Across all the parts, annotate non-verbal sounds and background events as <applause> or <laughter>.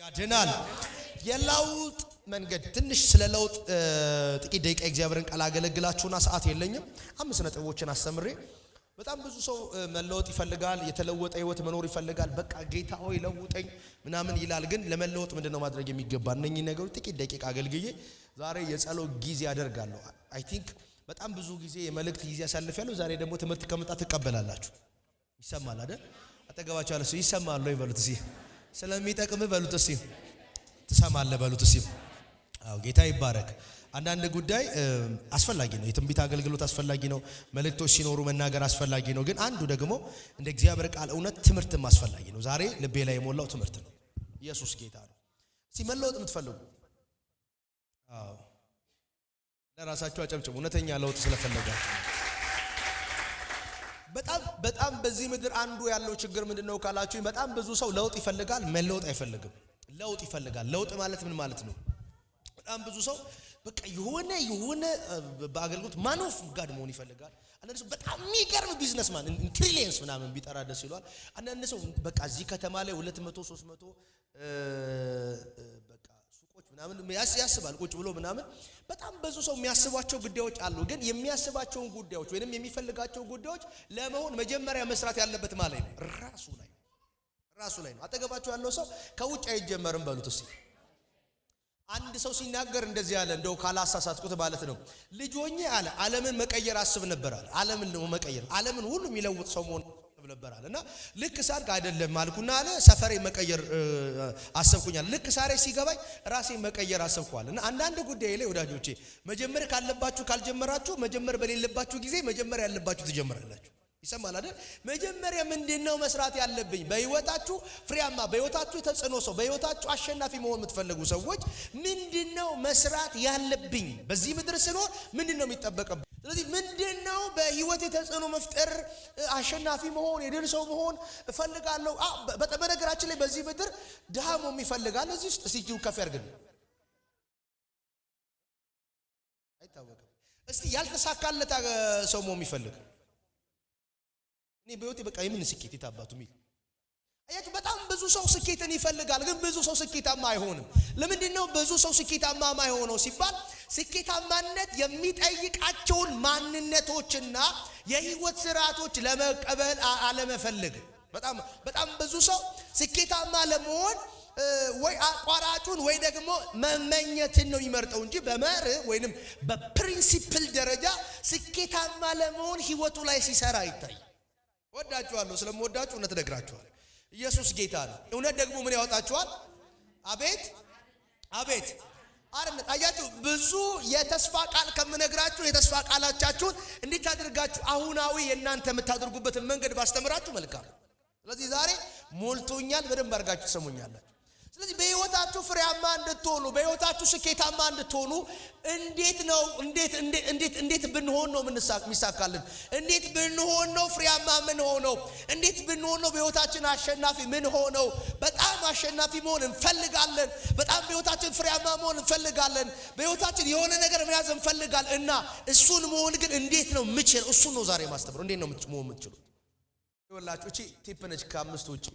ያድናል። የለውጥ መንገድ ትንሽ ስለ ለውጥ ጥቂት ደቂቃ እግዚአብሔርን ቃል አገለግላችሁና ሰዓት የለኝም። አምስት ነጥቦችን አስተምሬ በጣም ብዙ ሰው መለወጥ ይፈልጋል፣ የተለወጠ ህይወት መኖር ይፈልጋል። በቃ ጌታ ሆይ ለውጠኝ ምናምን ይላል። ግን ለመለወጥ ምንድን ነው ማድረግ የሚገባ? እነኚህ ነገሮች ጥቂት ደቂቃ አገልግዬ ዛሬ የጸሎ ጊዜ አደርጋለሁ። አይ ቲንክ በጣም ብዙ ጊዜ የመልእክት ጊዜ አሳልፍ ያለሁ። ዛሬ ደግሞ ትምህርት ከመጣ ትቀበላላችሁ። ይሰማል አይደል? አጠገባቸው ያለ ሰው ይሰማል ይበሉት እዚህ ስለሚጠቅም በሉት እስኪ ትሰማለህ፣ በሉት እስኪ። አዎ ጌታ ይባረክ። አንዳንድ ጉዳይ አስፈላጊ ነው። የትንቢት አገልግሎት አስፈላጊ ነው። መልእክቶች ሲኖሩ መናገር አስፈላጊ ነው። ግን አንዱ ደግሞ እንደ እግዚአብሔር ቃል እውነት ትምህርትም አስፈላጊ ነው። ዛሬ ልቤ ላይ የሞላው ትምህርት ነው። ኢየሱስ ጌታ ነው። እስኪ መለወጥ የምትፈልጉ ለራሳቸው አጨብጭቡ። እውነተኛ ለውጥ ስለፈለጋችሁ በጣም በጣም በዚህ ምድር አንዱ ያለው ችግር ምንድን ነው ካላችሁኝ፣ በጣም ብዙ ሰው ለውጥ ይፈልጋል፣ መለወጥ አይፈልግም። ለውጥ ይፈልጋል። ለውጥ ማለት ምን ማለት ነው? በጣም ብዙ ሰው በቃ የሆነ የሆነ በአገልግሎት ማኖፍ ጋድ መሆን ይፈልጋል። አንዳንድ ሰው በጣም የሚገርም ቢዝነስማን ትሪሊየንስ ምናምን ቢጠራ ደስ ይሏል። አንዳንድ ሰው በቃ እዚህ ከተማ ላይ ሁለት መቶ ሶስት መቶ ምናምን ያስባል ቁጭ ብሎ ምናምን። በጣም ብዙ ሰው የሚያስባቸው ጉዳዮች አሉ። ግን የሚያስባቸውን ጉዳዮች ወይንም የሚፈልጋቸውን ጉዳዮች ለመሆን መጀመሪያ መስራት ያለበት ማለት ነው ራሱ ላይ ራሱ ላይ ነው። አጠገባቸው ያለው ሰው ከውጭ አይጀመርም በሉት እስኪ። አንድ ሰው ሲናገር እንደዚህ አለ፣ እንደው ካላሳሳትኩት ማለት ነው። ልጆኜ አለ ዓለምን መቀየር አስብ ነበር አለ። ዓለምን መቀየር ዓለምን ሁሉ የሚለውጥ ሰው መሆን አጠገብ ነበራል እና ልክ ሳድግ አይደለም አልኩና አለ ሰፈሬ መቀየር አሰብኩኛል። ልክ ሳሬ ሲገባኝ ራሴ መቀየር አሰብኳል። እና አንዳንድ ጉዳይ ላይ ወዳጆቼ መጀመር ካለባችሁ ካልጀመራችሁ፣ መጀመር በሌለባችሁ ጊዜ መጀመር ያለባችሁ ትጀምራላችሁ። ይሰማል አይደል? መጀመሪያ ምንድን ነው መስራት ያለብኝ? በህይወታችሁ ፍሬያማ፣ በህይወታችሁ ተጽዕኖ ሰው፣ በህይወታችሁ አሸናፊ መሆን የምትፈልጉ ሰዎች ምንድን ነው መስራት ያለብኝ? በዚህ ምድር ስኖር ምንድን ነው የሚጠበቅብኝ? ስለዚህ ምንድን ነው በህይወት የተጽዕኖ መፍጠር፣ አሸናፊ መሆን፣ የድል ሰው መሆን እፈልጋለሁ። በነገራችን ላይ በዚህ ምድር ድሃ መሆን ይፈልጋል። እዚህ ውስጥ ሲጂው ከፍ ያርግል አይታወቅም። እስቲ ያልተሳካለት ሰው መሆን የሚፈልግ እኔ በህይወቴ በቃ የምን ስኬት የታባቱ ሚል አያችሁ። በጣም ብዙ ሰው ስኬትን ይፈልጋል፣ ግን ብዙ ሰው ስኬታማ አይሆንም። ለምንድን ነው ብዙ ሰው ስኬታማ ማይሆነው ሲባል ስኬታማነት የሚጠይቃቸውን ማንነቶችና የህይወት ስርዓቶች ለመቀበል አለመፈለግ። በጣም በጣም ብዙ ሰው ስኬታማ ለመሆን ወይ አቋራጩን ወይ ደግሞ መመኘትን ነው የሚመርጠው እንጂ በመር ወይንም በፕሪንሲፕል ደረጃ ስኬታማ ለመሆን ህይወቱ ላይ ሲሰራ ይታይ ወዳችኋለሁ። ስለምወዳችሁ እውነት እነግራችኋለሁ። ኢየሱስ ጌታ ነው። እውነት ደግሞ ምን ያወጣችኋል? አቤት አቤት አረነ ታያችሁ። ብዙ የተስፋ ቃል ከምነግራችሁ የተስፋ ቃላቻችሁን እንዴት አድርጋችሁ አሁናዊ የእናንተ የምታደርጉበትን መንገድ ባስተምራችሁ መልካም። ስለዚህ ዛሬ ሞልቶኛል። በደንብ አድርጋችሁ ትሰሙኛላችሁ። ስለዚህ በህይወታችሁ ፍሬያማ እንድትሆኑ በህይወታችሁ ስኬታማ እንድትሆኑ እንዴት ነው እንዴት እንዴት እንዴት ብንሆን ነው የሚሳካልን? እንዴት ብንሆን ነው ፍሬያማ ምን ሆነው? እንዴት ብንሆን ነው በህይወታችን አሸናፊ ምን ሆነው? በጣም አሸናፊ መሆን እንፈልጋለን። በጣም በህይወታችን ፍሬያማ መሆን እንፈልጋለን። በህይወታችን የሆነ ነገር መያዝ እንፈልጋል እና እሱን መሆን ግን እንዴት ነው ምችል? እሱን ነው ዛሬ ማስተምረው። እንዴት ነው መሆን የምትችሉት? ይኸውላችሁ እቺ ቲፕ ነች ከአምስት ውጭ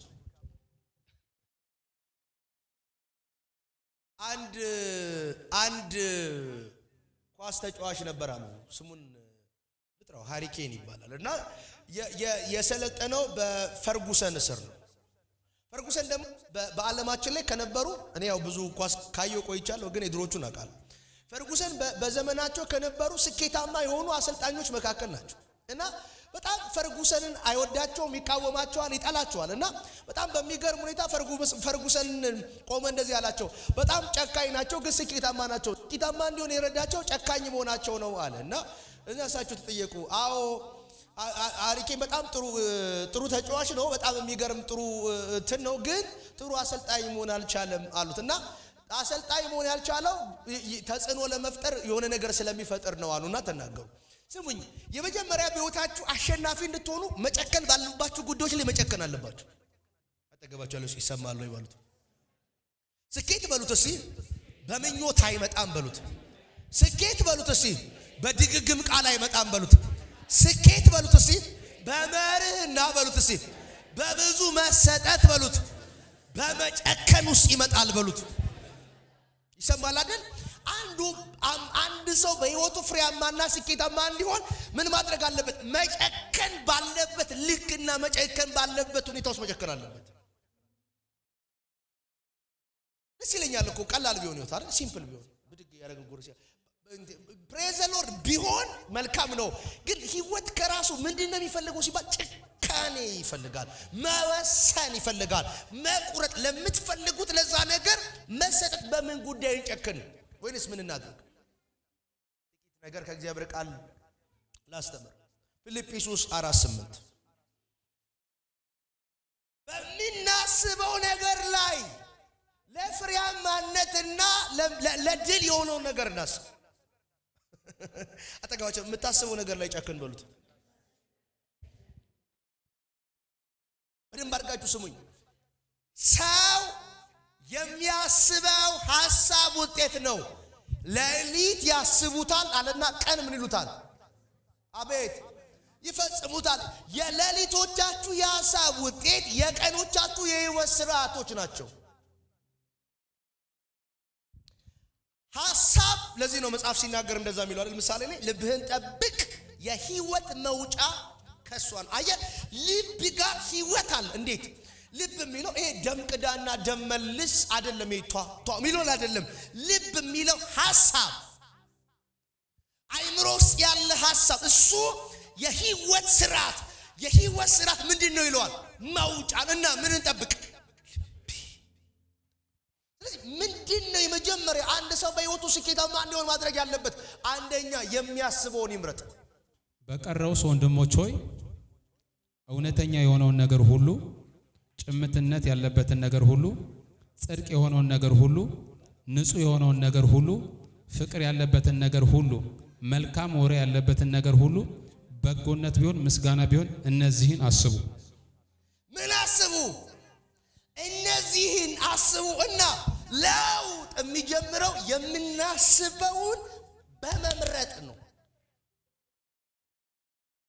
አንድ አንድ ኳስ ተጫዋች ነበር አሉ። ስሙን ልጥራው፣ ሃሪኬን ይባላል እና የሰለጠነው በፈርጉሰን ስር ነው። ፈርጉሰን ደግሞ በዓለማችን ላይ ከነበሩ እኔ ያው ብዙ ኳስ ካየው ቆይቻለሁ፣ ግን የድሮቹን አውቃለሁ። ፈርጉሰን በዘመናቸው ከነበሩ ስኬታማ የሆኑ አሰልጣኞች መካከል ናቸው እና በጣም ፈርጉሰንን አይወዳቸውም፣ ይቃወማቸዋል፣ ይጠላቸዋል። እና በጣም በሚገርም ሁኔታ ፈርጉሰን ቆመ እንደዚህ ያላቸው በጣም ጨካኝ ናቸው፣ ግን ስኬታማ ናቸው። ስኬታማ እንዲሆን የረዳቸው ጨካኝ መሆናቸው ነው አለ እና እዛ እሳቸው ተጠየቁ። አዎ ሃሪኬን በጣም ጥሩ ጥሩ ተጫዋች ነው፣ በጣም የሚገርም ጥሩ እንትን ነው፣ ግን ጥሩ አሰልጣኝ መሆን አልቻለም አሉት እና አሰልጣኝ መሆን ያልቻለው ተጽዕኖ ለመፍጠር የሆነ ነገር ስለሚፈጥር ነው አሉና ተናገሩ። ስሙኝ፣ የመጀመሪያ በህይወታችሁ አሸናፊ እንድትሆኑ መጨከን ባሉባችሁ ጉዳዮች ላይ መጨከን አለባችሁ። አጠገባችሁ ያለው ይሰማል በሉት። ስኬት በሉት እስኪ፣ በምኞት አይመጣም በሉት። ስኬት በሉት እስኪ፣ በድግግም ቃል አይመጣም በሉት። ስኬት በሉት እስኪ፣ በመርህና በሉት እስኪ፣ በብዙ መሰጠት በሉት፣ በመጨከን ውስጥ ይመጣል በሉት። ይሰማል አይደል? አንዱ አንድ ሰው በህይወቱ ፍሬያማና ስኬታማ እንዲሆን ምን ማድረግ አለበት? መጨከን ባለበት ልክና መጨከን ባለበት ሁኔታ ውስጥ መጨከን አለበት። ደስ ይለኛል እኮ ቀላል ቢሆን ይወት አይደል? ሲምፕል ቢሆን ብድግ ያደረገ ጎርሲ ፕሬዘ ሎርድ ቢሆን መልካም ነው። ግን ህይወት ከራሱ ምንድን ነው የሚፈልገው ሲባል ጭካኔ ይፈልጋል፣ መወሰን ይፈልጋል፣ መቁረጥ ለምትፈልጉት ለዛ ነገር መሰጠት። በምን ጉዳይ እንጨክን ወይንስ ምን እናድርግ? ጥቂት ነገር ከእግዚአብሔር ቃል ላስተምር። ፊልጵስዩስ አራት ስምንት በሚናስበው ነገር ላይ ለፍሬያማነትና ለድል የሆነውን ነገር እናስብ። <laughs> አጠጋባቸው የምታስበው ነገር ላይ ጨክን በሉት። በደንብ አድርጋችሁ ስሙኝ ሰው የሚያስበው ሐሳብ ውጤት ነው። ሌሊት ያስቡታል አለና ቀን ምን ይሉታል? አቤት ይፈጽሙታል። የሌሊቶቻችሁ የሐሳብ ውጤት የቀኖቻችሁ የህይወት ስርዓቶች ናቸው። ሐሳብ ለዚህ ነው መጽሐፍ ሲናገር እንደዛ የሚለው አይደል? ምሳሌ ላይ ልብህን ጠብቅ የህይወት መውጫ ከሷን አየ ልብ ጋር ህይወት አለ። እንዴት ልብ የሚለው ይሄ ደም ቅዳና ደም መልስ አይደለም። ይቷ ቷ አይደለም። ልብ የሚለው ሀሳብ አይምሮ ውስጥ ያለ ሀሳብ፣ እሱ የህይወት ስርዓት የህይወት ስርዓት ምንድን ነው ይለዋል። መውጫ እና ምን እንጠብቅ። ስለዚህ ምንድን ነው የመጀመሪያ አንድ ሰው በህይወቱ ስኬታማ እንዲሆን ማድረግ ያለበት? አንደኛ የሚያስበውን ይምረጥ። በቀረውስ ወንድሞች ሆይ እውነተኛ የሆነውን ነገር ሁሉ ጭምትነት ያለበትን ነገር ሁሉ፣ ጽድቅ የሆነውን ነገር ሁሉ፣ ንጹህ የሆነውን ነገር ሁሉ፣ ፍቅር ያለበትን ነገር ሁሉ፣ መልካም ወሬ ያለበትን ነገር ሁሉ፣ በጎነት ቢሆን ምስጋና ቢሆን እነዚህን አስቡ። ምን አስቡ? እነዚህን አስቡ እና ለውጥ የሚጀምረው የምናስበውን በመምረጥ ነው።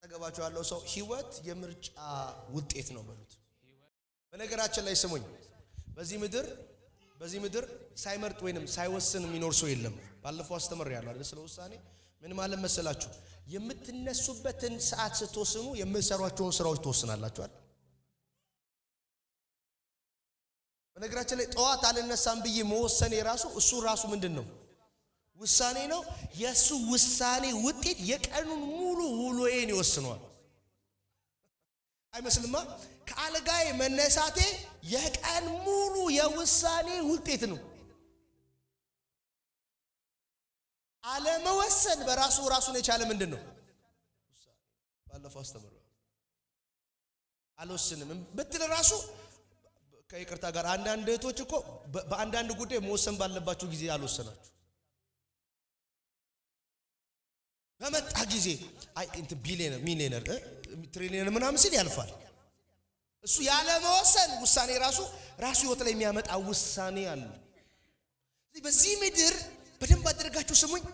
ተገባቸው ያለው ሰው ህይወት የምርጫ ውጤት ነው በሉት። በነገራችን ላይ ስሙኝ፣ በዚህ ምድር በዚህ ምድር ሳይመርጥ ወይንም ሳይወስን የሚኖር ሰው የለም። ባለፈው አስተምር ያለው አይደል ስለ ውሳኔ ምን ማለት መሰላችሁ? የምትነሱበትን ሰዓት ስትወስኑ የምትሰሯቸውን ስራዎች ትወስናላችኋል። በነገራችን ላይ ጠዋት አልነሳም ብዬ መወሰኔ ራሱ እሱ ራሱ ምንድን ነው ውሳኔ ነው። የእሱ ውሳኔ ውጤት የቀኑን ሙሉ ውሎዬን ይወስነዋል። አይመስልማ። ከአልጋዬ መነሳቴ የቀን ሙሉ የውሳኔ ውጤት ነው። አለመወሰን በራሱ ራሱን የቻለ ምንድን ነው? ባለፈው አስተምሮ አልወስንም ብትል ራሱ ከይቅርታ ጋር አንዳንድ እህቶች እኮ በአንዳንድ ጉዳይ መወሰን ባለባቸው ጊዜ አልወሰናችሁ በመጣ ጊዜ አይ እንትን ቢሊየነር ሚሊየነር ትሪሊየን ምናምን ሲል ያልፋል። እሱ ያለመወሰን ውሳኔ ራሱ ራሱ ህይወት ላይ የሚያመጣ ውሳኔ አለ። በዚህ ምድር በደንብ አድርጋችሁ ስሙኝ።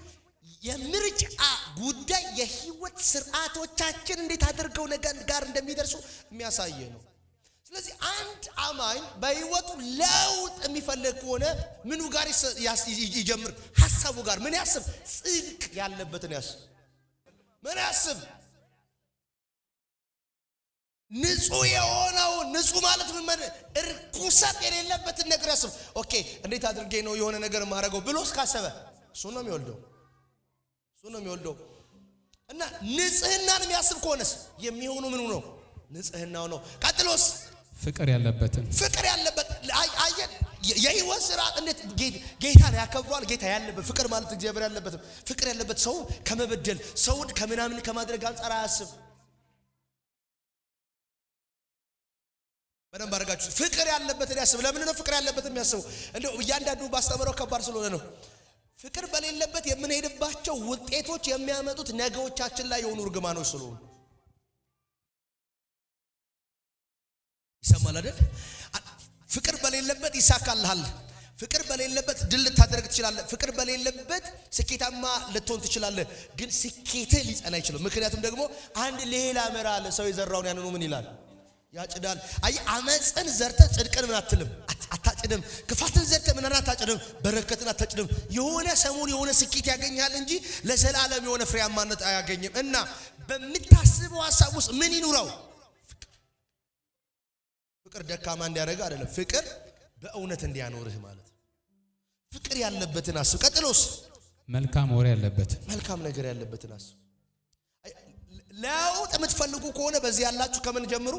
የምርጫ ጉዳይ የህይወት ስርዓቶቻችን እንዴት አድርገው ነገር ጋር እንደሚደርሱ የሚያሳየ ነው። ስለዚህ አንድ አማኝ በህይወቱ ለውጥ የሚፈልግ ከሆነ ምኑ ጋር ይጀምር? ሀሳቡ ጋር ምን ያስብ? ጽድቅ ያለበትን ያስብ። ምን ያስብ? ንጹህ የሆነው ንጹህ ማለት ምን እርኩሰት የሌለበትን ነገር ያስብ። ኦኬ እንዴት አድርጌ ነው የሆነ ነገር ማድረገው ብሎ እስካሰበ እሱ ነው የሚወልደው፣ እሱ ነው የሚወልደው። እና ንጽህናን የሚያስብ ከሆነስ የሚሆኑ ምኑ ነው? ንጽህናው ነው። ቀጥሎስ ፍቅር ያለበትን ፍቅር ያለበት አየን። የህይወት ስርዓት እንዴት ጌታን ያከብሯል። ጌታ ያለበት ፍቅር ማለት እግዚአብሔር ያለበትም ፍቅር ያለበት ሰው ከመበደል ሰውን ከምናምን ከማድረግ አንጻር አያስብ በደንብ አድርጋችሁ ፍቅር ያለበትን ያስብ። ለምን ነው ፍቅር ያለበት የሚያስበው? እንደው እያንዳንዱ ባስተምረው ከባድ ስለሆነ ነው። ፍቅር በሌለበት የምንሄድባቸው ውጤቶች የሚያመጡት ነገዎቻችን ላይ የሆኑ እርግማኖች ስለሆኑ ይሰማል አይደል? ፍቅር በሌለበት ይሳካልሃል። ፍቅር በሌለበት ድል ልታደርግ ትችላለህ። ፍቅር በሌለበት ስኬታማ ልትሆን ትችላለህ። ግን ስኬትህ ሊጸና ይችላል። ምክንያቱም ደግሞ አንድ ሌላ ምራ አለ። ሰው የዘራውን ያንኑ ምን ይላል ያጭዳል። አይ አመፅን ዘርተ ጽድቅን ምን አትልም አታጭድም። ክፋትን ዘርተ ምንን አታጭድም፣ በረከትን አታጭድም። የሆነ ሰሞን የሆነ ስኬት ያገኛል እንጂ ለዘላለም የሆነ ፍሬያማነት አያገኝም። እና በምታስበው ሀሳብ ውስጥ ምን ይኑረው? ፍቅር ደካማ እንዲያደርግ አይደለም፣ ፍቅር በእውነት እንዲያኖርህ ማለት ፍቅር ያለበትን አስብ። ቀጥሎስ መልካም ወሬ ያለበት መልካም ነገር ያለበትን አስብ። ለውጥ የምትፈልጉ ከሆነ በዚህ ያላችሁ ከምን ጀምሩ?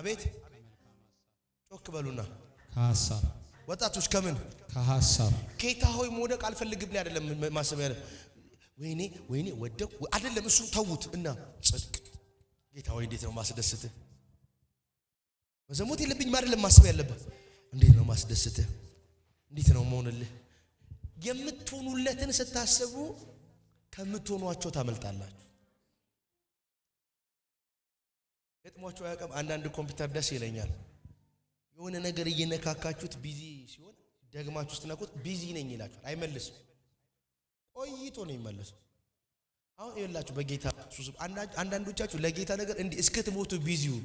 አቤት ጮክ በሉና ከሀሳብ ወጣቶች ከምን ከሀሳብ ጌታ ሆይ መውደቅ አልፈልግም ላይ አይደለም ማሰብ ያለ ወይኔ ወይኔ ወደቅ አይደለም እሱ ተዉት እና ጽድቅ ጌታ ሆይ እንዴት ነው ማስደስት መዘሞት የለብኝም አይደለም ማሰብ ያለበት እንዴት ነው ማስደስት እንዴት ነው መሆንልህ የምትሆኑለትን ስታስቡ ከምትሆኗቸው ታመልጣላችሁ ገጥሟቸው አያውቅም። አንዳንድ ኮምፒውተር ደስ ይለኛል። የሆነ ነገር እየነካካችሁት ቢዚ ሲሆን ደግማችሁ ስትነኩት ቢዚ ነኝ ይላችኋል። አይመልስም፣ ቆይቶ ነው ይመልሰው። አሁን ይኸውላችሁ በጌታ አንዳንዶቻችሁ ለጌታ ነገር እንዲህ እስክትሞቱ ቢዚ ይሁን።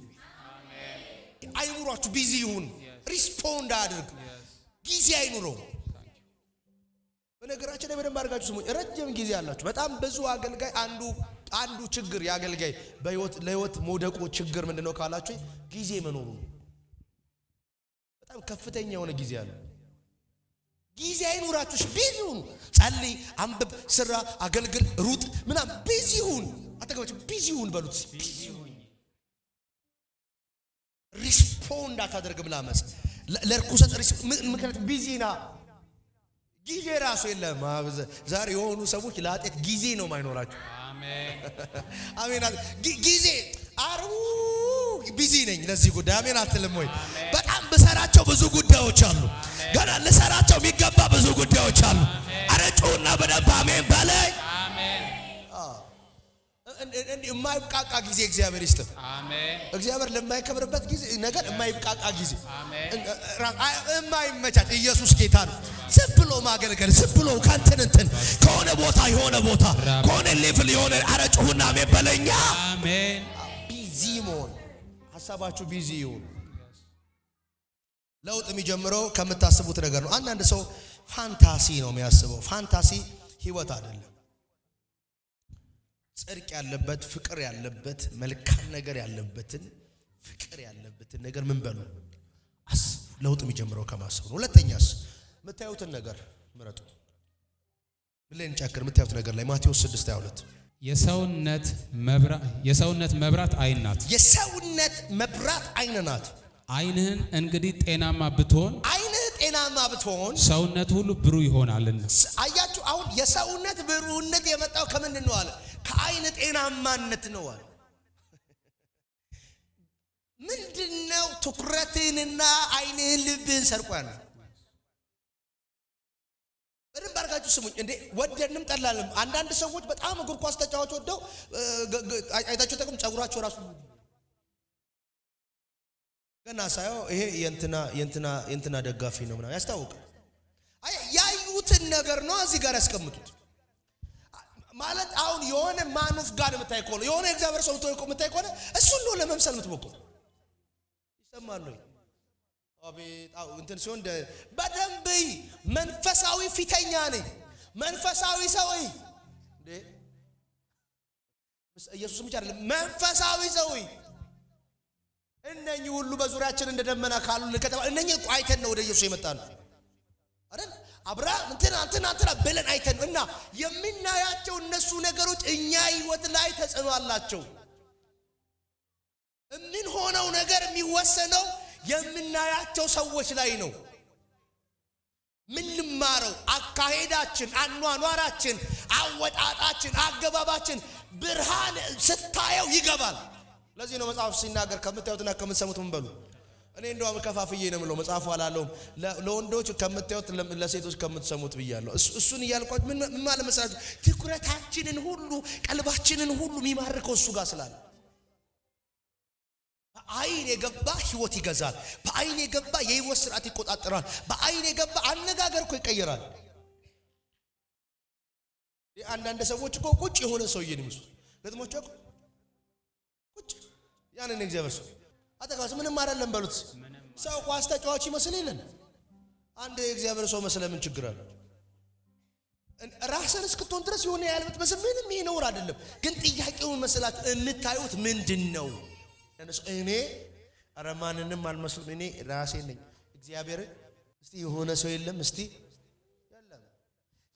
አይምሯችሁ ቢዚ ይሁን። ሪስፖንድ አድርግ ጊዜ አይኑረው። በነገራችን ላይ በደንብ አድርጋችሁ ስሙ። ረጅም ጊዜ አላችሁ። በጣም ብዙ አገልጋይ አንዱ አንዱ ችግር የአገልጋይ በህይወት ለህይወት መውደቁ ችግር ምንድን ነው ካላችሁ ጊዜ መኖሩ ነው። በጣም ከፍተኛ የሆነ ጊዜ አለ። ጊዜ አይኖራችሁ። ቢዚ ሁኑ። ጸልይ፣ አንብብ፣ ስራ፣ አገልግል፣ ሩጥ፣ ምናም ቢዚ ሁን። አጠገባችሁ ቢዚ ሁን በሉት። ቢዚ ሁን። ሪስፖንድ አታደርግም ላመጽ ለርኩሰት ምክንያት ቢዚ ና ጊዜ ራሱ የለም። ዛሬ የሆኑ ሰዎች ለአጤት ጊዜ ነው ማይኖራቸው። አሜን። ጊዜ አርቡ ቢዚ ነኝ ለዚህ ጉዳይ አሜን አትልም ወይ? በጣም ብሰራቸው ብዙ ጉዳዮች አሉ። ገና ልሰራቸው የሚገባ ብዙ ጉዳዮች አሉ። አረጩና በደንብ አሜን በላይ የማይብቃቃ ጊዜ እግዚአብሔር ይስጥ። እግዚአብሔር ለማይከብርበት ጊዜ ነገር የማይብቃቃ ጊዜ የማይመቻች ኢየሱስ ጌታ ነው። ዝም ብሎ ማገልገል ዝም ብሎ ከእንትን እንትን ከሆነ ቦታ የሆነ ቦታ ከሆነ ሌቭል የሆነ አረጭሁና ሜበለኛ ቢዚ መሆን ሀሳባችሁ ቢዚ ይሁን። ለውጥ የሚጀምረው ከምታስቡት ነገር ነው። አንዳንድ ሰው ፋንታሲ ነው የሚያስበው። ፋንታሲ ህይወት አይደለም። ጽድቅ ያለበት ፍቅር ያለበት መልካም ነገር ያለበትን ፍቅር ያለበትን ነገር ምን በሉ አስቡ። ለውጥ የሚጀምረው ከማሰብ ነው። ሁለተኛስ የምታዩትን ነገር ምረጡ። ምን ላይ እንጫክር? የምታዩት ነገር ላይ ማቴዎስ 6 22 የሰውነት መብራት የሰውነት መብራት አይን ናት። የሰውነት መብራት አይን ናት። አይንህን እንግዲህ ጤናማ ብትሆን አይን ጤናማ ብትሆን ሰውነት ሁሉ ብሩህ ይሆናልና። አያችሁ፣ አሁን የሰውነት ብሩህነት የመጣው ከምንድን ነው አለ? ከአይን ጤናማነት ነው አለ። ምንድን ነው ትኩረትህንና አይንህን ልብህን ሰርቋል። በደንብ አድርጋችሁ ስሙኝ። እንዴ ወደንም ጠላንም አንዳንድ ሰዎች በጣም እግር ኳስ ተጫዋች ወደው አይታቸው ጠቅም ጸጉራቸው ራሱ ገና ሳየው ይሄ የእንትና የእንትና የእንትና ደጋፊ ነው ምናምን ያስታውቃል። ያዩትን ነገር ነው እዚህ ጋር ያስቀምጡት። ማለት አሁን የሆነ ማኑፍ ጋር የምታይ ከሆነ የሆነ እግዚአብሔር ሰው ተወይቆ የምታይ ከሆነ እሱን ነው ለመምሰል የምትሞክሩ። ይሰማሉ አቤት እንትን ሲሆን በደንብ መንፈሳዊ ፊተኛ ነኝ መንፈሳዊ ሰው ኢየሱስ ብቻ አይደለም መንፈሳዊ ሰው እነኚህ ሁሉ በዙሪያችን እንደ ደመና ካሉ ከተባ እነኚህ እኮ አይተን ነው ወደ ኢየሱስ የመጣ ነው አይደል? አብራ እንትና እንትና እንትና ብለን አይተን ነው። እና የምናያቸው እነሱ ነገሮች እኛ ህይወት ላይ ተጽዕኖ አላቸው። እምን ሆነው ነገር የሚወሰነው የምናያቸው ሰዎች ላይ ነው። ምንማረው አካሄዳችን፣ አኗኗራችን፣ አወጣጣችን፣ አገባባችን ብርሃን ስታየው ይገባል። ለዚህ ነው መጽሐፍ ሲናገር ከምታዩትና ከምትሰሙት ምን በሉ። እኔ እንደውም ከፋፍዬ ነው የምለው፣ መጽሐፉ አላለውም። ለወንዶች ከምታዩት ለሴቶች ከምትሰሙት ብያለሁ። እሱን እያልኳችሁ ምን ማለት መሰላችሁ? ትኩረታችንን ሁሉ ቀልባችንን ሁሉ የሚማርከው እሱ ጋር ስላለ በአይን የገባ ህይወት ይገዛል። በአይን የገባ የህይወት ስርዓት ይቆጣጠራል። በአይን የገባ አነጋገር እኮ ይቀየራል። አንዳንድ ሰዎች እኮ ቁጭ የሆነ ሰውዬን ይመስሉ ገጥሞች ቁጭ ያንን እግዚአብሔር ሰው አጠቃስ ምንም አይደለም በሉት። ሰው ኳስ ተጫዋች ይመስል የለን አንድ የእግዚአብሔር ሰው መስለ ምን ችግር አለ? ራስን እስክትሆን ድረስ የሆነ ያልበት መስል ምንም ይሄ ነውር አይደለም። ግን ጥያቄውን መስላት የምታዩት ምንድን ነው? እኔ ኧረ ማንንም አልመስሉም እኔ ራሴ ነኝ እግዚአብሔር። እስቲ የሆነ ሰው የለም እስቲ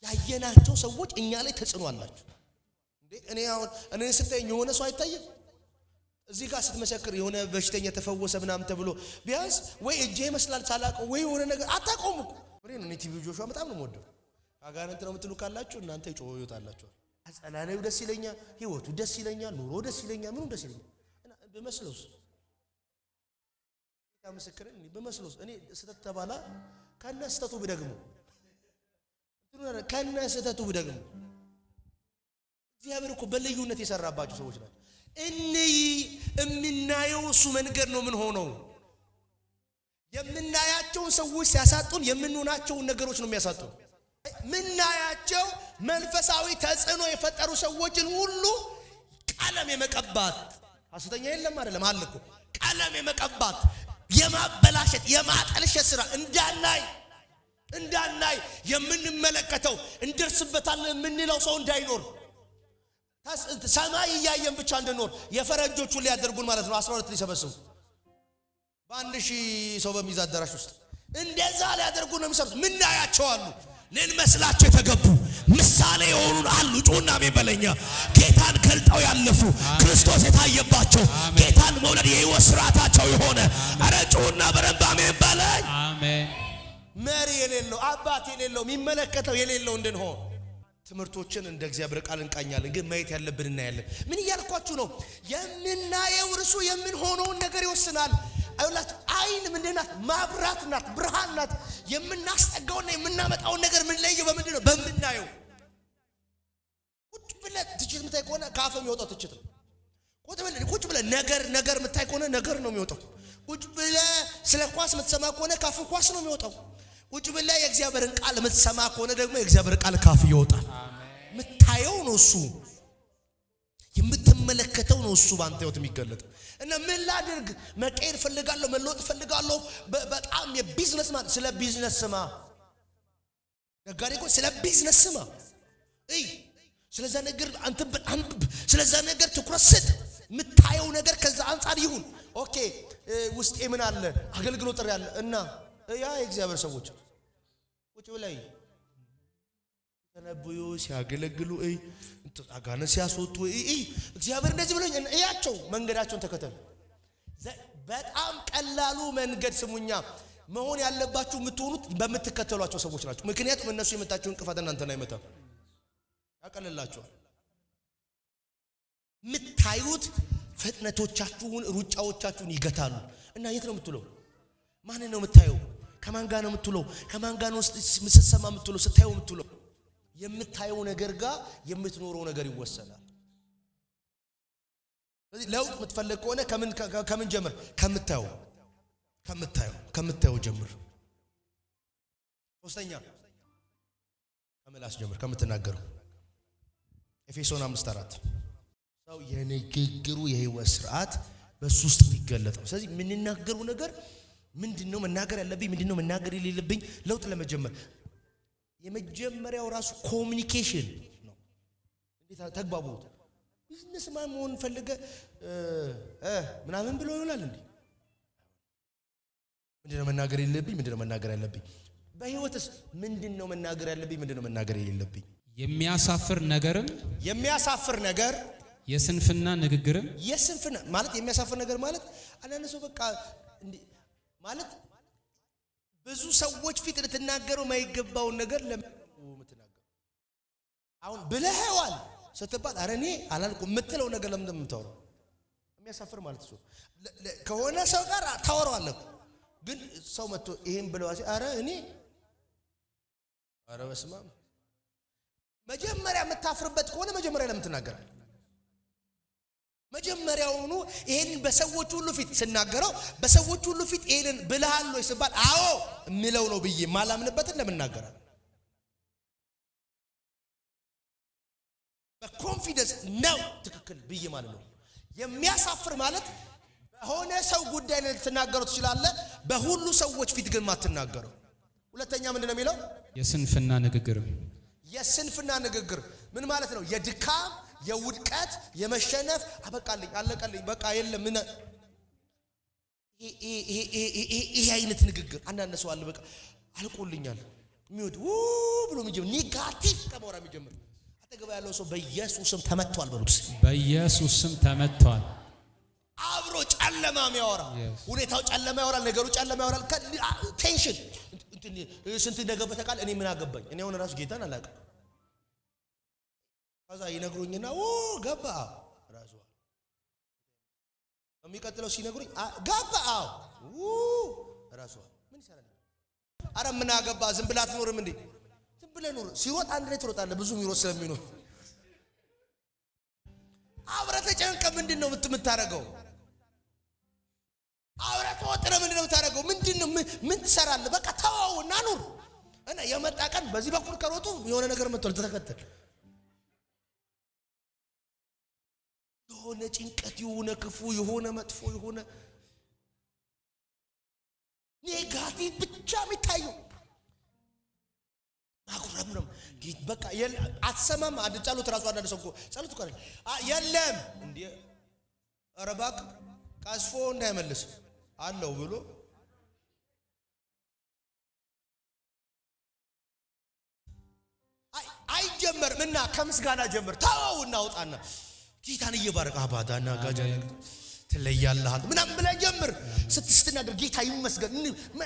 ያየናቸው ሰዎች እኛ ላይ ተጽዕኖ አላቸው። እኔ አሁን እኔ ስታይ የሆነ ሰው አይታየም እዚህ ጋር ስትመሰክር የሆነ በሽተኛ ተፈወሰ ምናምን ተብሎ ቢያንስ ወይ እጄ ይመስላል ሳላውቀው ወይ የሆነ ነገር አታቆሙ እኮ ነው። እኔ ቲቪ ጆሹዋ በጣም ነው የምወደው። አጋንንት ነው የምትሉ ካላችሁ እናንተ የጮኸ ህይወት አላችሁ። ደስ ይለኛ ህይወቱ ደስ ይለኛ ኑሮ ደስ ይለኛ ምኑ ደስ ይለኛ ይለኛል። በመስሎስ ምስክርን በመስሎስ እኔ ስህተት ተባላ ከነ ስህተቱ ብደግሞ ከነ ስህተቱ ብደግሞ እግዚአብሔር እኮ በልዩነት የሰራባቸው ሰዎች ናቸው። እንይ የምናየው እሱ መንገድ ነው። ምን ሆነው የምናያቸውን ሰዎች ሲያሳጡን የምንሆናቸውን ነገሮች ነው የሚያሳጡን። ምናያቸው መንፈሳዊ ተጽዕኖ የፈጠሩ ሰዎችን ሁሉ ቀለም የመቀባት ሐሰተኛ የለም አይደለም አለ እኮ ቀለም የመቀባት የማበላሸት የማጠልሸት ስራ እንዳናይ እንዳናይ የምንመለከተው እንደርስበታለን የምንለው ሰው እንዳይኖር ሰማይ እያየን ብቻ እንድንኖር የፈረንጆቹን ሊያደርጉን ማለት ነው። አስራ ሁለት ሊሰበስቡ በአንድ ሺህ ሰው በሚይዝ አዳራሽ ውስጥ እንደዛ ሊያደርጉን ነው የሚሰብስቡ። ምናያቸው አሉ ልንመስላቸው የተገቡ ምሳሌ የሆኑን አሉ። ጩና በለኛ ጌታን ገልጠው ያለፉ ክርስቶስ የታየባቸው ጌታን መውለድ የህይወት ስርዓታቸው የሆነ አረ ጩና በረንብ በለኝ። መሪ የሌለው አባት የሌለው የሚመለከተው የሌለው እንድንሆን ትምህርቶችን እንደ እግዚአብሔር ቃል እንቃኛለን፣ ግን ማየት ያለብን እናያለን። ምን እያልኳችሁ ነው? የምናየው እርሱ የምንሆነውን ነገር ይወስናል። አይላት አይን ምንድን ናት? ማብራት ናት፣ ብርሃን ናት። የምናስጠጋውና የምናመጣውን ነገር የምንለየው በምንድን ነው? በምናየው። ቁጭ ብለህ ትችት የምታይ ከሆነ ከአፈ የሚወጣው ትችት ነው። ቁጭ ብለህ ነገር ነገር የምታይ ከሆነ ነገር ነው የሚወጣው። ቁጭ ብለህ ስለ ኳስ የምትሰማ ከሆነ ከአፍ ኳስ ነው የሚወጣው። ቁጭ ብላ የእግዚአብሔርን ቃል የምትሰማ ከሆነ ደግሞ የእግዚአብሔር ቃል ካፍ ይወጣል። የምታየው ነው እሱ፣ የምትመለከተው ነው እሱ በአንተ ህይወት የሚገለጠው እና ምን ላድርግ፣ መቀየር ፈልጋለሁ፣ መለወጥ ፈልጋለሁ። በጣም የቢዝነስ ማለት ስለ ቢዝነስ ስማ፣ ነጋዴ እኮ ስለ ቢዝነስ ስማ፣ እይ፣ ስለዛ ነገር አንተ አንብብ፣ ስለዛ ነገር ትኩረት ስጥ። የምታየው ነገር ከዛ አንጻር ይሁን። ኦኬ፣ ውስጤ ምን አለ? አገልግሎት ጥሪ አለ እና ያ የእግዚአብሔር ሰዎች ቁጭ ብለይ ተነብዩ ሲያገለግሉ እይ አጋነ ሲያስወጡ እይ እግዚአብሔር እንደዚህ ብሎኝ እያቸው። መንገዳቸውን ተከተሉ። በጣም ቀላሉ መንገድ ስሙኛ መሆን ያለባችሁ የምትሆኑት በምትከተሏቸው ሰዎች ናቸው። ምክንያቱም እነሱ የመጣቸውን እንቅፋት እናንተን አይመታም፣ ያቀልላችኋል። የምታዩት ፍጥነቶቻችሁን፣ ሩጫዎቻችሁን ይገታሉ እና የት ነው የምትለው? ማንን ነው የምታየው? ከማን ጋር ነው የምትውለው? ከማን ጋር ነው ምስሰማ የምትውለው? ስታየው የምትውለው? የምታየው ነገር ጋር የምትኖረው ነገር ይወሰናል። ስለዚህ ለውጥ የምትፈልግ ከሆነ ከምን ጀምር? ከምታየው ከምታየው ከምታየው ጀምር። ሶስተኛ ከምላስ ጀምር፣ ከምትናገረው ኤፌሶን አምስት አራት ሰው የንግግሩ የህይወት ስርዓት በሱ ውስጥ ይገለጣል። ስለዚህ የምንናገረው ነገር ምንድን ነው መናገር ያለብኝ? ምንድን ነው መናገር የሌለብኝ? ለውጥ ለመጀመር የመጀመሪያው ራሱ ኮሚኒኬሽን ነው። እንዴት ተግባቡ። ቢዝነስ ማን መሆን ፈልገ ምናምን ብሎ ይሆናል። እንዲ ምንድን ነው መናገር የሌለብኝ? ምንድን ነው መናገር ያለብኝ? በህይወትስ ምንድን ነው መናገር ያለብኝ? ምንድን ነው መናገር የሌለብኝ? የሚያሳፍር ነገርም የሚያሳፍር ነገር የስንፍና ንግግርም የስንፍና ማለት የሚያሳፍር ነገር ማለት አንዳንድ ሰው በቃ ማለት ብዙ ሰዎች ፊት ልትናገረው የማይገባውን ነገር ለምትናገሩ አሁን ብለህዋል ስትባል አረ እኔ አላልኩ የምትለው ነገር ለምንድን የምታወራው? የሚያሳፍር ማለት እሱ ከሆነ ሰው ጋር ታወራዋለህ፣ ግን ሰው መጥቶ ይሄን ብለዋል ሲል አረ እኔ አረ በስመ መጀመሪያ የምታፍርበት ከሆነ መጀመሪያ ለምን ትናገራለህ? መጀመሪያውኑ ይሄንን በሰዎች ሁሉ ፊት ስናገረው በሰዎች ሁሉ ፊት ይሄንን ብልሃል ወይ ስባል አዎ የሚለው ነው ብዬ ማላምንበትን ለምናገራል በኮንፊደንስ ነው ትክክል ብዬ ማለት ነው። የሚያሳፍር ማለት በሆነ ሰው ጉዳይ ልትናገረው ትችላለ በሁሉ ሰዎች ፊት ግን ማትናገረው። ሁለተኛ ምንድን ነው የሚለው? የስንፍና ንግግር። የስንፍና ንግግር ምን ማለት ነው? የድካም የውድቀት የመሸነፍ አበቃልኝ፣ አለቀልኝ፣ በቃ የለም ምን ይሄ አይነት ንግግር አንዳንድ ሰው አለ። በቃ አልቆልኛል የሚወድ ብሎ የሚጀምር ኔጋቲቭ ከማውራት የሚጀምር አጠገባ ያለው ሰው በኢየሱስም ተመቷል በሉት። በኢየሱስም ተመቷል። አብሮ ጨለማ የሚያወራ ሁኔታው ጨለማ ያወራል፣ ነገሩ ጨለማ ያወራል። ቴንሽን ስንት ነገር በተቃል እኔ ምን አገባኝ? እኔ አሁን ራሱ ጌታን አላውቅም ከዛ ይነግሩኝና ኦ ገባ ራሱ በሚቀጥለው ሲነግሩኝ ገባ ራሱ ምን ይሰራል? አረ ምን አገባ ዝም ብላ አትኖርም እንዴ? ዝም ብለህ ኖር። ሲሮጥ አንድ ላይ ትሮጣለህ። ብዙ የሚሮጥ ስለሚኖር አብረ ተጨንቀ ምንድን ነው የምታደርገው? አብረ ተወጥረ ምንድን ነው የምታደርገው? ምንድን ነው ምን ትሰራለህ? በቃ ተወው እና ኑር እና የመጣ ቀን በዚህ በኩል ከሮጡ የሆነ ነገር መጥቷል ተተከተል የሆነ ጭንቀት፣ የሆነ ክፉ፣ የሆነ መጥፎ፣ የሆነ ኔጋቲቭ ብቻ የሚታየው ማጉረምረም በቃ አትሰማም። አንድ ጸሎት ራሱ አንዳንድ ሰው ጸሎት ቀረ የለም እንዲ ረባቅ ቀስፎ እንዳይመልስ አለው ብሎ አይጀመርም እና ከምስጋና ጀምር ተወው እናውጣና ጌታን እየባረክ አባዳና ጋጃ ትለያለሃል ምናምን ብለህ ጀምር። ስትስትና ድር ጌታ ይመስገን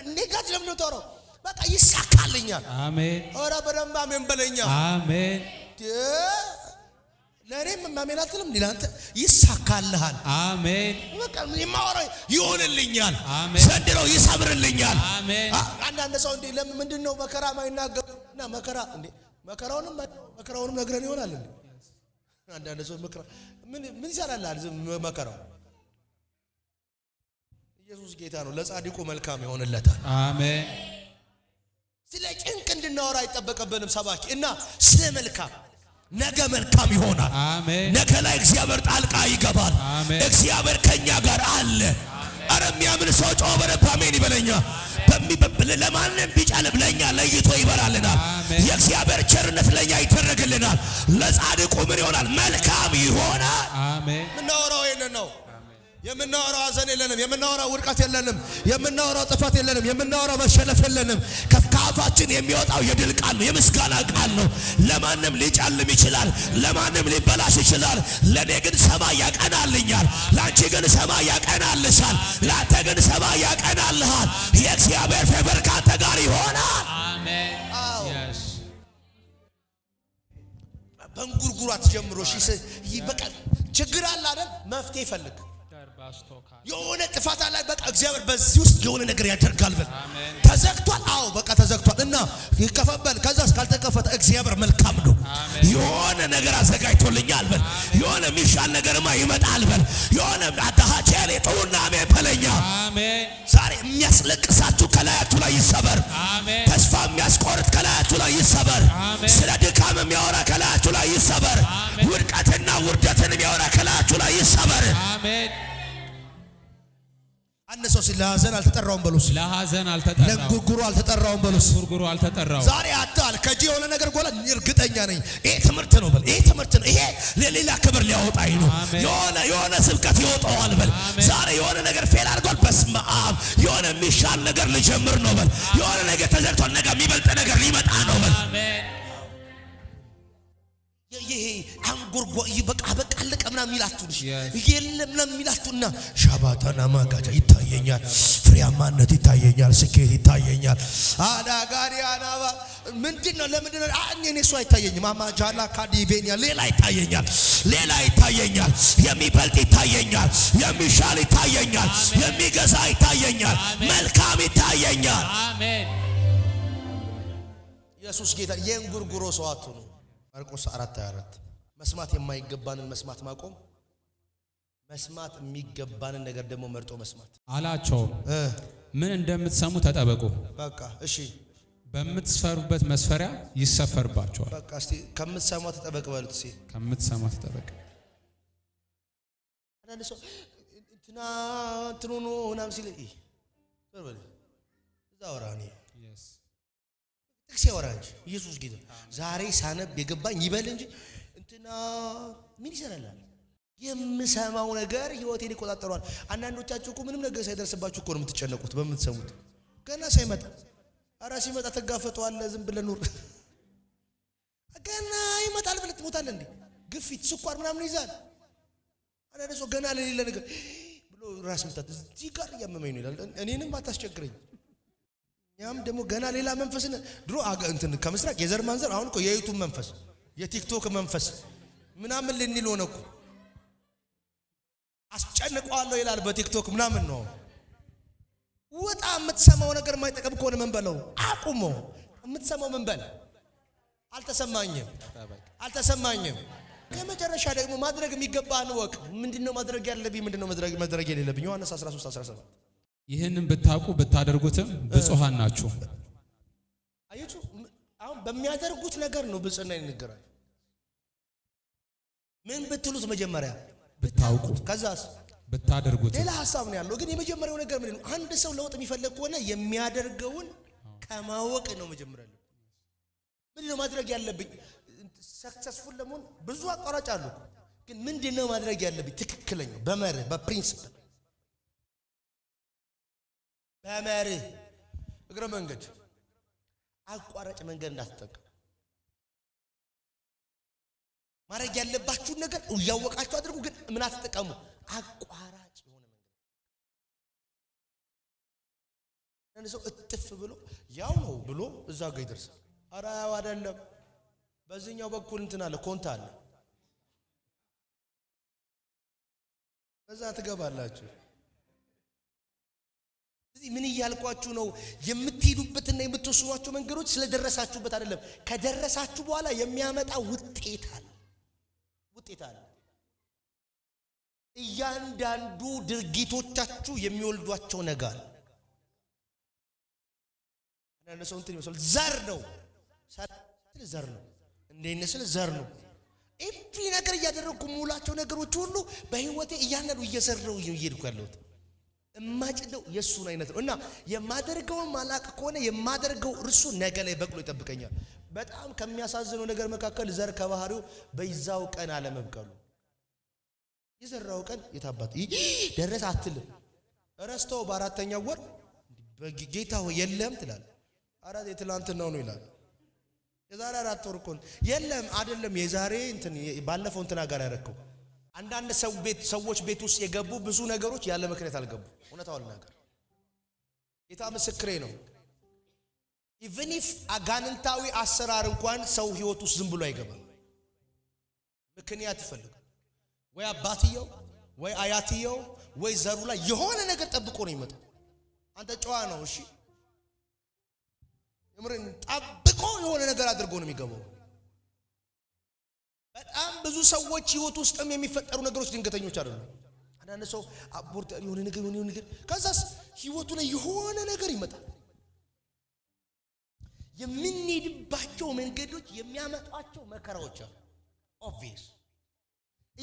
እኔ ጋር ለምን ተወራው? በቃ ይሳካልኛል። አሜን። ኧረ በደንብ አሜን በለኛ። አሜን። ለእኔም አሜን አትልም? ለአንተ ይሳካልሃል። አሜን። በቃ የማወራው ይሆንልኛል። አሜን። ዘንድሮ ይሰብርልኛል። አሜን። አንዳንድ ሰው እንዴ ለምንድን ነው መከራ ማይናገርና መከራ እንዴ መከራውንም መከራውንም ነግረን ይሆናል እንዴ አንዳንድ ሰው ምክራ ምን ምን ይሰራልሃል? ዝም መከራው ኢየሱስ ጌታ ነው። ለጻድቁ መልካም ይሆንለታል። አሜን። ስለ ጭንቅ እንድናወራ አይጠበቅብንም። ሰባኪ እና ስለ መልካም ነገ መልካም ይሆናል። አሜን። ነገ ላይ እግዚአብሔር ጣልቃ ይገባል። እግዚአብሔር ከኛ ጋር አለ። አረ የሚያምን ሰው ጮህ በረብ አሜን ይበለኛ ለማንም ቢጨልም ለእኛ ለይቶ ይበራልናል። የእግዚአብሔር ቸርነት ለእኛ ይደረግልናል። ለጻድቁ ምን ይሆናል? መልካም ይሆናል። የምናወራው ይህንን ነው። የምናወራው ሐዘን የለንም። የምናወራው ውድቀት የለንም። የምናወራው ጥፋት የለንም። የምናወራው መሸነፍ የለንም። ከአፋችን የሚወጣው የድል ቃል ነው፣ የምስጋና ቃል ነው። ለማንም ሊጨልም ይችላል፣ ለማንም ሊበላሽ ይችላል። ለእኔ ግን ሰማይ ያቀናልኛል። ለአንቺ ግን ሰማይ ያቀናልሻል። ለአንተ ግን ሰማይ ያቀናልሃል። የእግዚአብሔር ፌቨር ካንተ ጋር ይሆናል። በእንጉርጉሯ አትጀምሮ። በቃ ችግር አለ አይደል? መፍትሄ ይፈልግ የሆነ ጥፋት ላይ በቃ እግዚአብሔር በዚህ ውስጥ የሆነ ነገር ያደርጋል። በል ተዘግቷል። አዎ በቃ ተዘግቷል እና ይከፈበል። ከዛስ ካልተከፈተ እግዚአብሔር መልካም ነው። የሆነ ነገር አዘጋጅቶልኛል በል። የሆነ የሚሻል ነገርማ ይመጣል በል። የሆነ አዳሃቸል የጠውና አሜን በለኛ። ዛሬ የሚያስለቅሳችሁ ከላያችሁ ላይ ይሰበር። ተስፋ የሚያስቆርጥ ከላያችሁ ላይ ይሰበር። ስለ ድካም የሚያወራ ከላያችሁ ላይ ይሰበር። ውድቀትና ውርደትን የሚያወራ ከላያችሁ ላይ ይሰበር። አንድ ሰው ሲል ለሐዘን አልተጠራውም በሉስ፣ ለሐዘን አልተጠራውም፣ ለጉርጉሩ አልተጠራውም በሉስ፣ ጉርጉሩ አልተጠራውም። ዛሬ አታል ከጂ የሆነ ነገር ጎላ እርግጠኛ ነኝ። ይሄ ትምህርት ነው በል፣ ይሄ ትምህርት ነው። ይሄ ለሌላ ክብር ሊያወጣኝ ነው። የሆነ የሆነ ስብከት ይወጣዋል በል። ዛሬ የሆነ ነገር ፌል አድርጓል። በስመ አብ የሆነ የሚሻል ነገር ልጀምር ነው በል። የሆነ ነገር ተዘግቷል። ነገ የሚበልጥ ነገር ሊመጣ ነው በል። ይሄ አንጎርጓ በቃ በቃለቀ ምናምን የሚላችሁ የለም ለሚላችሁና ሻባታና ማጋጃ ይታየኛል፣ ፍሬያማነት ይታየኛል፣ ስኬት ይታየኛል። አዳጋሪ ምንድን ነው? ለምንድን ነው እኔ እሱ አይታየኝም። አማጃላ ካዲቬኒያ ሌላ ይታየኛል፣ ሌላ ይታየኛል፣ የሚበልጥ ይታየኛል፣ የሚሻል ይታየኛል፣ የሚገዛ ይታየኛል፣ መልካም ይታየኛል። ኢየሱስ ጌታ የእንጉርጉሮ ሰዋቱ ነው ማርቆስ 4:24 መስማት የማይገባንን መስማት ማቆም መስማት የሚገባንን ነገር ደግሞ መርጦ መስማት አላቸው። ምን እንደምትሰሙ ተጠበቁ። በቃ እሺ፣ በምትስፈሩበት መስፈሪያ ይሰፈርባቸዋል። በቃ እስቲ ከምትሰማ ተጠበቅ በሉት። እስቲ ከምትሰማ ተጠበቅ። አንዳንድ ሰው እንትና ምናምን ሲል እዛ ወራ ጥቅስ ያወራ እንጂ ኢየሱስ ጌታ። ዛሬ ሳነብ የገባኝ ይበል እንጂ እንትና ምን ይሰራላል። የምሰማው ነገር ህይወቴን ይቆጣጠሯል። አንዳንዶቻችሁ እኮ ምንም ነገር ሳይደርስባችሁ እኮ ነው የምትጨነቁት በምትሰሙት ገና ሳይመጣ። ኧረ ሲመጣ ትጋፈጠዋለህ ዝም ብለህ ኑር። ገና ይመጣል ብለህ ትሞታለህ። እንዴ ግፊት፣ ስኳር ምናምን ይዛል። አንዳንድ ሰው ገና ለሌለ ነገር ብሎ ራስ ምታት እዚህ ጋር እያመመኝ ነው ይላል። እኔንም አታስቸግረኝ እኛም ደግሞ ገና ሌላ መንፈስ ድሮ እንትን ከምስራቅ የዘር ማንዘር፣ አሁን እኮ የዩቱብ መንፈስ፣ የቲክቶክ መንፈስ ምናምን ልንል ሆነ እኮ። አስጨንቀዋለሁ ይላል በቲክቶክ ምናምን ነው። ወጣ የምትሰማው ነገር የማይጠቅም ከሆነ ምን በለው አቁሞ የምትሰማው ምን በል። አልተሰማኝም፣ አልተሰማኝም። ከመጨረሻ ደግሞ ማድረግ የሚገባ ወቅ። ምንድነው ማድረግ ያለብኝ? ምንድነው ማድረግ የሌለብኝ? ዮሐንስ 13 17 ይህንን ብታውቁ ብታደርጉትም ብፁሃን ናችሁ። አያችሁ፣ አሁን በሚያደርጉት ነገር ነው ብፅና ይነገራል። ምን ብትሉት መጀመሪያ ብታውቁ፣ ከዛስ ብታደርጉት። ሌላ ሀሳብ ነው ያለው። ግን የመጀመሪያው ነገር ምንድን ነው? አንድ ሰው ለውጥ የሚፈልግ ከሆነ የሚያደርገውን ከማወቅ ነው መጀመሪያ። ምንድን ነው ማድረግ ያለብኝ? ሰክሰስፉል ለመሆን ብዙ አቋራጭ አሉ። ግን ምንድን ነው ማድረግ ያለብኝ? ትክክለኛው በመርህ በፕሪንሲፕል ተመሪ እግረ መንገድ አቋራጭ መንገድ እንዳትጠቀም ማድረግ ያለባችሁን ነገር እያወቃችሁ አድርጉ። ግን ምን አትጠቀሙ፣ አቋራጭ የሆነ መንገድ። አንድ ሰው እጥፍ ብሎ ያው ነው ብሎ እዛ ጋ ይደርሳል። ኧረ ያው አይደለም፣ በዚህኛው በኩል እንትን አለ፣ ኮንታ አለ፣ በዛ ትገባላችሁ። ስለዚህ ምን እያልኳችሁ ነው? የምትሄዱበትና የምትወስኗቸው መንገዶች ስለደረሳችሁበት አይደለም። ከደረሳችሁ በኋላ የሚያመጣ ውጤት አለ፣ ውጤት አለ። እያንዳንዱ ድርጊቶቻችሁ የሚወልዷቸው ነገር አለ። ሰው እንትን ይመስላል ዘር ነው፣ ዘር ነው፣ እንደነስል ዘር ነው። ኤቭሪ ነገር እያደረግኩ ሙላቸው ነገሮች ሁሉ በህይወቴ እያንዳንዱ እየዘረው እየሄድኩ ያለሁት እማጭደው የእሱን አይነት ነው እና የማደርገውን ማላቅ ከሆነ የማደርገው እርሱ ነገ ላይ በቅሎ ይጠብቀኛል። በጣም ከሚያሳዝነው ነገር መካከል ዘር ከባህሪው በይዛው ቀን አለመብቀሉ። የዘራው ቀን የታባት ደረስ አትልም። ረስተው በአራተኛው ወር ጌታ ሆይ የለም ትላል። አራት የትላንትናው ነው ይላል። የዛሬ አራት ወር እኮ የለም አይደለም፣ የዛሬ ባለፈው እንትና ጋር ያረከው አንዳንድ ሰው ቤት ሰዎች ቤት ውስጥ የገቡ ብዙ ነገሮች ያለ ምክንያት አልገቡ። እውነታውን ልናገር፣ ጌታ ምስክሬ ነው። ኢቨን ኢፍ አጋንንታዊ አሰራር እንኳን ሰው ህይወት ውስጥ ዝም ብሎ አይገባም። ምክንያት ይፈልጋል። ወይ አባትየው ወይ አያትየው ወይ ዘሩ ላይ የሆነ ነገር ጠብቆ ነው ይመጣ። አንተ ጨዋ ነው እሺ፣ ምርን ጠብቆ የሆነ ነገር አድርጎ ነው የሚገባው በጣም ብዙ ሰዎች ህይወት ውስጥም የሚፈጠሩ ነገሮች ድንገተኞች አይደሉም። አንዳንድ ሰው አቦርት የሆነ ነገር የሆነ ነገር ከዛስ ህይወቱ ላይ የሆነ ነገር ይመጣል። የምንሄድባቸው መንገዶች የሚያመጧቸው መከራዎች አሉ። ኦብቪየስ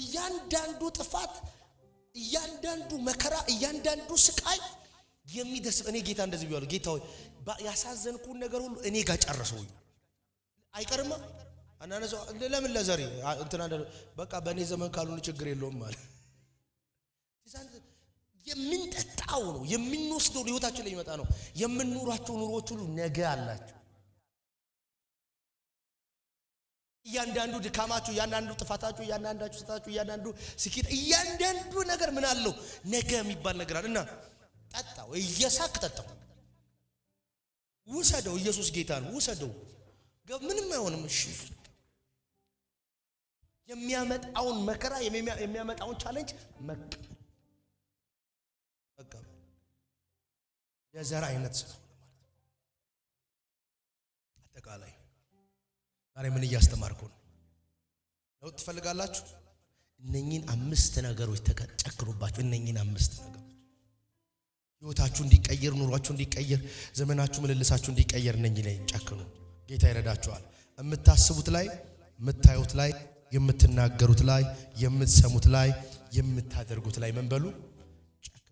እያንዳንዱ ጥፋት፣ እያንዳንዱ መከራ፣ እያንዳንዱ ስቃይ የሚደስ እኔ ጌታ እንደዚህ ብያለሁ። ጌታ ያሳዘንኩን ነገር ሁሉ እኔ ጋር ጨረሰው አይቀርማ አንዳንድ ሰው ለምን ለዘሬ እንትና በቃ በእኔ ዘመን ካልሆነ ችግር የለውም ማለት የምንጠጣው ነው የምንወስደው ህይወታችን ላይ ይመጣ ነው። የምንኖራቸው ኑሮዎች ሁሉ ነገ አላቸው። እያንዳንዱ ድካማችሁ፣ እያንዳንዱ ጥፋታችሁ፣ እያንዳንዳችሁ ስታችሁ፣ እያንዳንዱ ስኬት፣ እያንዳንዱ ነገር ምን አለው ነገ የሚባል ነገር አለ እና ጠጣው፣ እየሳቅ ጠጣው፣ ውሰደው። ኢየሱስ ጌታ ነው፣ ውሰደው። ምንም አይሆንም። እሺ የሚያመጣውን መከራ የሚያመጣውን ቻለንጅ መቀበል መቀበል የዘር አይነት ስለሆነ ማለት ነው። አጠቃላይ ዛሬ ምን እያስተማርኩ ነው? ለውጥ ትፈልጋላችሁ? እነኚህን አምስት ነገሮች ተጨክሩባችሁ። እነኚህን አምስት ነገሮች ህይወታችሁ እንዲቀየር፣ ኑሯችሁ እንዲቀየር፣ ዘመናችሁ ምልልሳችሁ እንዲቀየር እነኚህ ላይ ጨክኑ። ጌታ ይረዳችኋል። የምታስቡት ላይ የምታዩት ላይ የምትናገሩት ላይ የምትሰሙት ላይ የምታደርጉት ላይ መንበሉ